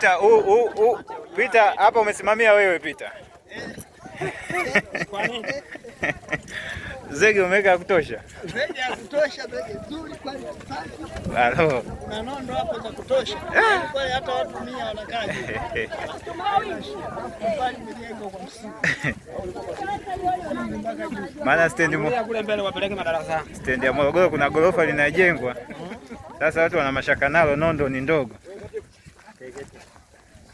Peter, Pita, Peter, hapa umesimamia wewe Peter. Zege umeweka kutosha. Zege ya kutosha, zege nzuri kwa safi. Halo. Na nondo hapo za kutosha. Ah. Kwa hiyo hata watu 100 wanakaa. Maana stendi moja kule mbele wapeleke madarasa. Stendi ya Morogoro kuna gorofa linajengwa. Sasa watu wana mashaka nalo, nondo ni ndogo.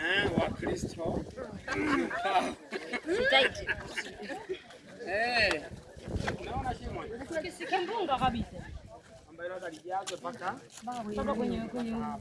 eh, wa kabisa ambayo lazima lijazwe mpaka kwenye kwenye ah.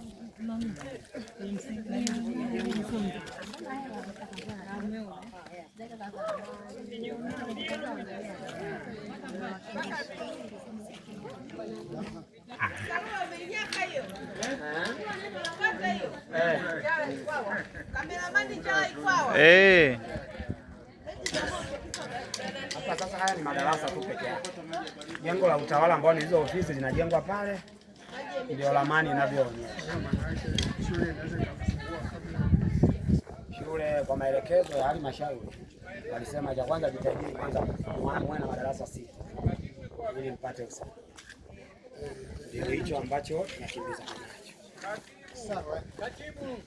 Eh. Hapa sasa haya ni madarasa tu pekee yake. Jengo la utawala ambao ni hizo ofisi zinajengwa pale ndio ramani inavyoonyesha. Shule kwa maelekezo ya halmashauri walisema cha kwanza jitahidi kwanza mwe na madarasa sita ili mpate usawa. Ndio hicho ambacho nakimbizana nacho. Sawa. Katibu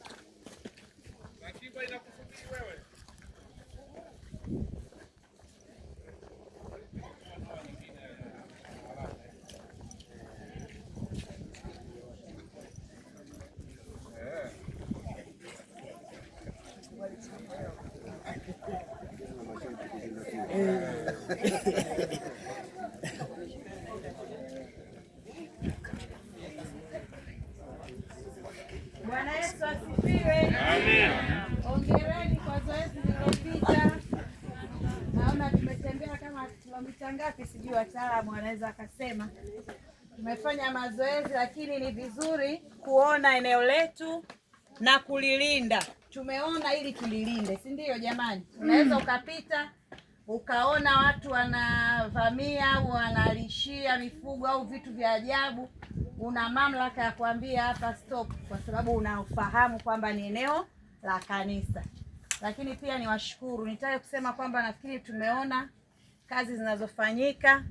Wait, wait. wangapi sijui, wataalamu wanaweza wakasema. Tumefanya mazoezi, lakini ni vizuri kuona eneo letu na kulilinda. Tumeona ili tulilinde, si ndio jamani? Unaweza mm. ukapita ukaona watu wanavamia au wanalishia mifugo au vitu vya ajabu, una mamlaka ya kuambia hapa stop, kwa sababu unafahamu kwamba ni eneo la kanisa. Lakini pia niwashukuru, nitaka kusema kwamba nafikiri tumeona kazi zinazofanyika,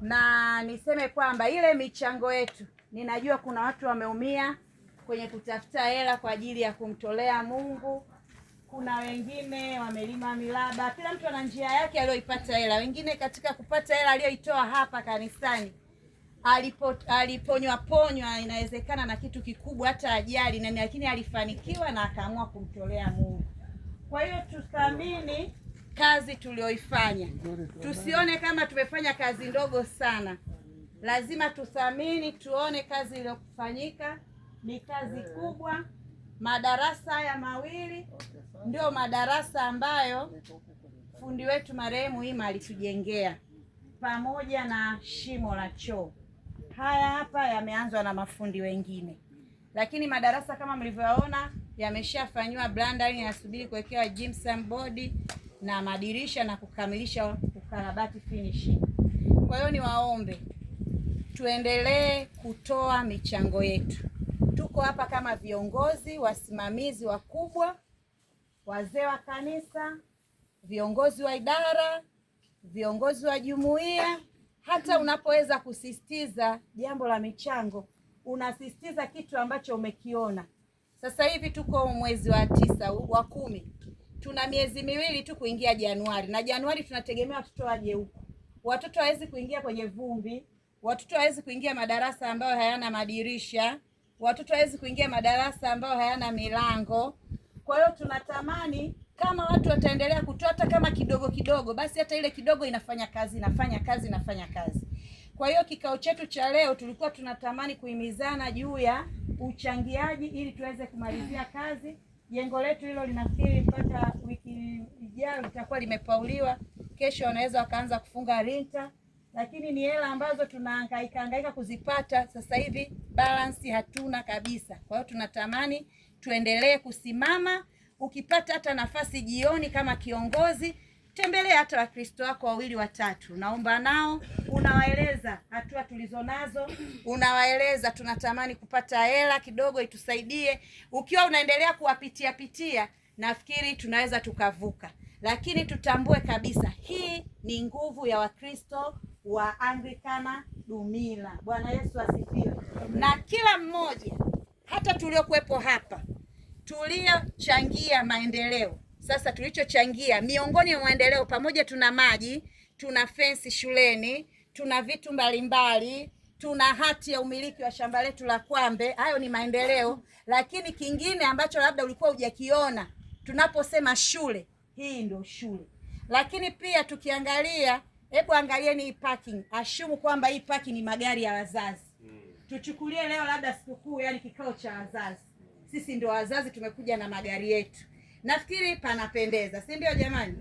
na niseme kwamba ile michango yetu, ninajua kuna watu wameumia kwenye kutafuta hela kwa ajili ya kumtolea Mungu. Kuna wengine wamelima milaba, kila mtu ana njia yake aliyoipata hela. Wengine katika kupata hela aliyoitoa hapa kanisani alipo aliponywa ponywa, inawezekana na kitu kikubwa, hata ajali, lakini alifanikiwa na akaamua kumtolea Mungu. Kwa hiyo tuthamini kazi tulioifanya Tusione kama tumefanya kazi ndogo sana, lazima tuthamini, tuone kazi iliyofanyika ni kazi kubwa. Madarasa haya mawili ndio madarasa ambayo fundi wetu marehemu Ima alitujengea pamoja na shimo la choo. Haya hapa yameanzwa na mafundi wengine, lakini madarasa kama mlivyoona yameshafanyiwa blandani, yanasubiri kuwekewa gypsum board na madirisha na kukamilisha ukarabati finishing. Kwa hiyo niwaombe tuendelee kutoa michango yetu. Tuko hapa kama viongozi, wasimamizi wakubwa, wazee wa kanisa, viongozi wa idara, viongozi wa jumuiya. Hata unapoweza kusisitiza jambo la michango, unasisitiza kitu ambacho umekiona. Sasa hivi tuko mwezi wa tisa wa kumi tuna miezi miwili tu kuingia Januari, na Januari tunategemea watoto waje huku. Watoto hawezi kuingia kwenye vumbi, watoto hawezi kuingia madarasa ambayo hayana madirisha, watoto hawezi kuingia madarasa ambayo hayana milango. Kwa hiyo tunatamani kama watu wataendelea kutoa hata kama kidogo kidogo, basi hata ile kidogo inafanya kazi inafanya kazi inafanya kazi. Kwa hiyo kikao chetu cha leo tulikuwa tunatamani kuhimizana juu ya uchangiaji ili tuweze kumalizia kazi jengo letu hilo linafikiri mpaka wiki ijayo litakuwa limepauliwa. Kesho wanaweza wakaanza kufunga rinta, lakini ni hela ambazo tunahangaika hangaika kuzipata sasa hivi, balansi hatuna kabisa. Kwa hiyo tunatamani tuendelee kusimama, ukipata hata nafasi jioni kama kiongozi tembelea hata wakristo wako wawili watatu, naomba nao, unawaeleza hatua tulizonazo, unawaeleza tunatamani kupata hela kidogo itusaidie. Ukiwa unaendelea kuwapitia pitia, nafikiri tunaweza tukavuka, lakini tutambue kabisa hii ni nguvu ya wakristo wa Anglikana Dumila. Bwana Yesu asifiwe. Na kila mmoja hata tuliokuwepo hapa tuliochangia maendeleo sasa tulichochangia miongoni mwa maendeleo, pamoja tuna maji, tuna fensi shuleni, tuna vitu mbalimbali, tuna hati ya umiliki wa shamba letu la Kwambe. Hayo ni maendeleo, lakini kingine ambacho labda ulikuwa hujakiona tunaposema shule, hii ndio shule. Lakini pia tukiangalia, hebu angalieni hii parking, ashumu kwamba hii parking ni magari ya wazazi. Hmm. Tuchukulie leo labda sikukuu, yani kikao cha wazazi, sisi ndio wazazi, tumekuja na magari yetu Nafikiri panapendeza, si ndio jamani?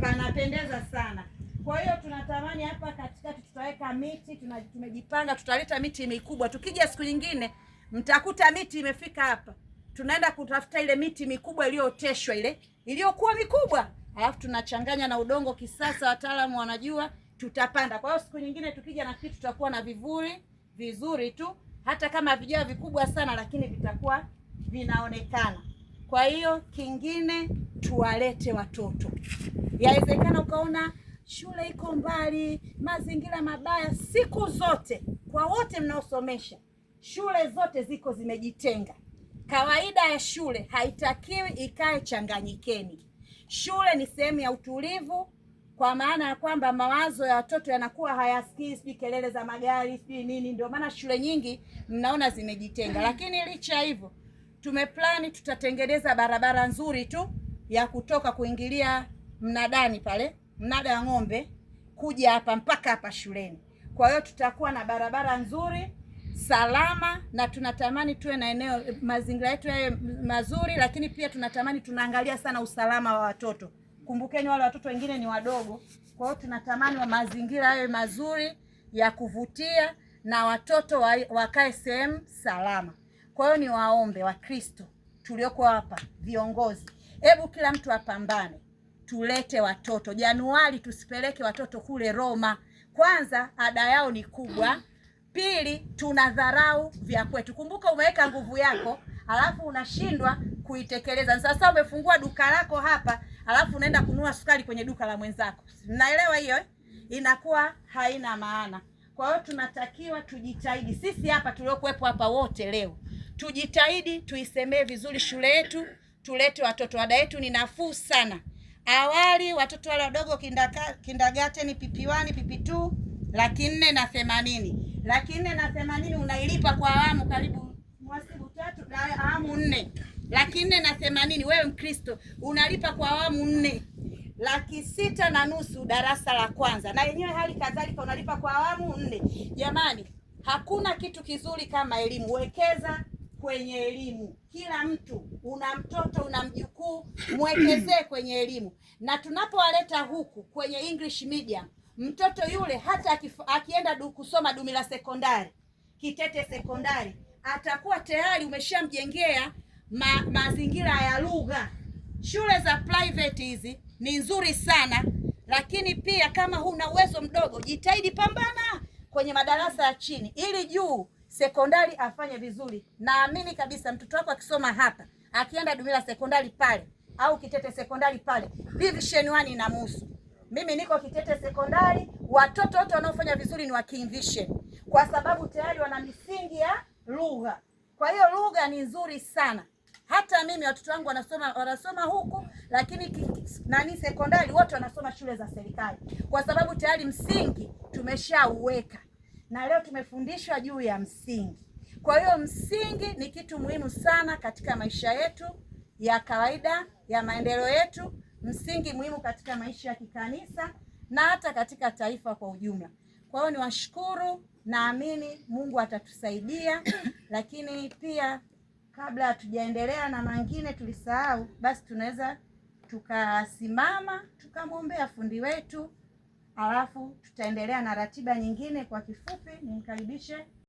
Panapendeza sana. Kwa hiyo tunatamani hapa katikati tutaweka miti, tumejipanga, tutaleta miti mikubwa. Tukija siku nyingine, mtakuta miti imefika hapa. Tunaenda kutafuta ile miti mikubwa iliyooteshwa ile iliyokuwa mikubwa, alafu tunachanganya na udongo kisasa, wataalamu wanajua, tutapanda. Kwa hiyo siku nyingine tukija na kitu, tutakuwa na vivuli vizuri tu, hata kama vijaa vikubwa sana, lakini vitakuwa vinaonekana. Kwa hiyo kingine, tuwalete watoto. Yawezekana ukaona shule iko mbali, mazingira mabaya. Siku zote kwa wote mnaosomesha, shule zote ziko zimejitenga. Kawaida ya shule haitakiwi ikae changanyikeni. Shule ni sehemu ya utulivu, kwa maana ya kwamba mawazo ya watoto yanakuwa hayasikii, sijui kelele za magari, sijui nini. Ndio maana shule nyingi mnaona zimejitenga, lakini licha hivyo tumeplani tutatengeneza barabara nzuri tu ya kutoka kuingilia mnadani pale mnada wa ng'ombe kuja hapa mpaka hapa shuleni. Kwa hiyo tutakuwa na barabara nzuri salama, na tunatamani tuwe na eneo mazingira yetu yawe mazuri, lakini pia tunatamani tunaangalia sana usalama wa watoto. Kumbukeni wale watoto wengine ni wadogo, kwa hiyo tunatamani wa mazingira yawe mazuri ya kuvutia na watoto wakae sehemu salama. Kwa hiyo ni waombe Wakristo tulioko hapa, viongozi, hebu kila mtu apambane, tulete watoto Januari, tusipeleke watoto kule Roma. Kwanza ada yao ni kubwa, pili tunadharau vya kwetu. Kumbuka umeweka nguvu yako alafu unashindwa kuitekeleza. Sasa umefungua duka lako hapa, alafu unaenda kununua sukari kwenye duka la mwenzako. Naelewa hiyo eh? Inakuwa haina maana. Kwa hiyo tunatakiwa tujitahidi sisi hapa tuliokuwepo hapa wote leo Tujitahidi tuisemee vizuri shule yetu, tulete watoto. Ada yetu ni nafuu sana. Awali watoto wale wadogo kindagateni, pipi tu laki nne na themanini. Laki nne na themanini unailipa kwa awamu karibu mwasibu tatu na awamu nne. Laki nne na themanini wewe Mkristo unalipa kwa awamu nne. Laki sita na nusu darasa la kwanza, na yenyewe hali kadhalika unalipa kwa awamu nne. Jamani, hakuna kitu kizuri kama elimu. Wekeza kwenye elimu. Kila mtu una mtoto, una mjukuu, mwekezee kwenye elimu, na tunapowaleta huku kwenye English medium, mtoto yule hata akienda kusoma Dumila sekondari, Kitete sekondari, atakuwa tayari umeshamjengea ma, mazingira ya lugha. Shule za private hizi ni nzuri sana, lakini pia kama huna uwezo mdogo, jitahidi pambana kwenye madarasa ya chini ili juu sekondari afanye vizuri. Naamini kabisa mtoto wako akisoma hapa, akienda Dumila sekondari pale au Kitete sekondari pale, division 1 inamhusu. Mimi niko Kitete sekondari, watoto wote wanaofanya vizuri ni wa English, kwa sababu tayari wana misingi ya lugha. Kwa hiyo lugha ni nzuri sana. Hata mimi watoto wangu wanasoma wanasoma huku, lakini nani sekondari, wote wanasoma shule za serikali, kwa sababu tayari msingi tumeshauweka na leo tumefundishwa juu ya msingi. Kwa hiyo msingi ni kitu muhimu sana katika maisha yetu ya kawaida ya maendeleo yetu, msingi muhimu katika maisha ya kikanisa na hata katika taifa kwa ujumla. Kwa hiyo niwashukuru, naamini Mungu atatusaidia lakini pia kabla hatujaendelea na mangine tulisahau, basi tunaweza tukasimama tukamwombea fundi wetu alafu tutaendelea na ratiba nyingine kwa kifupi. Nimkaribishe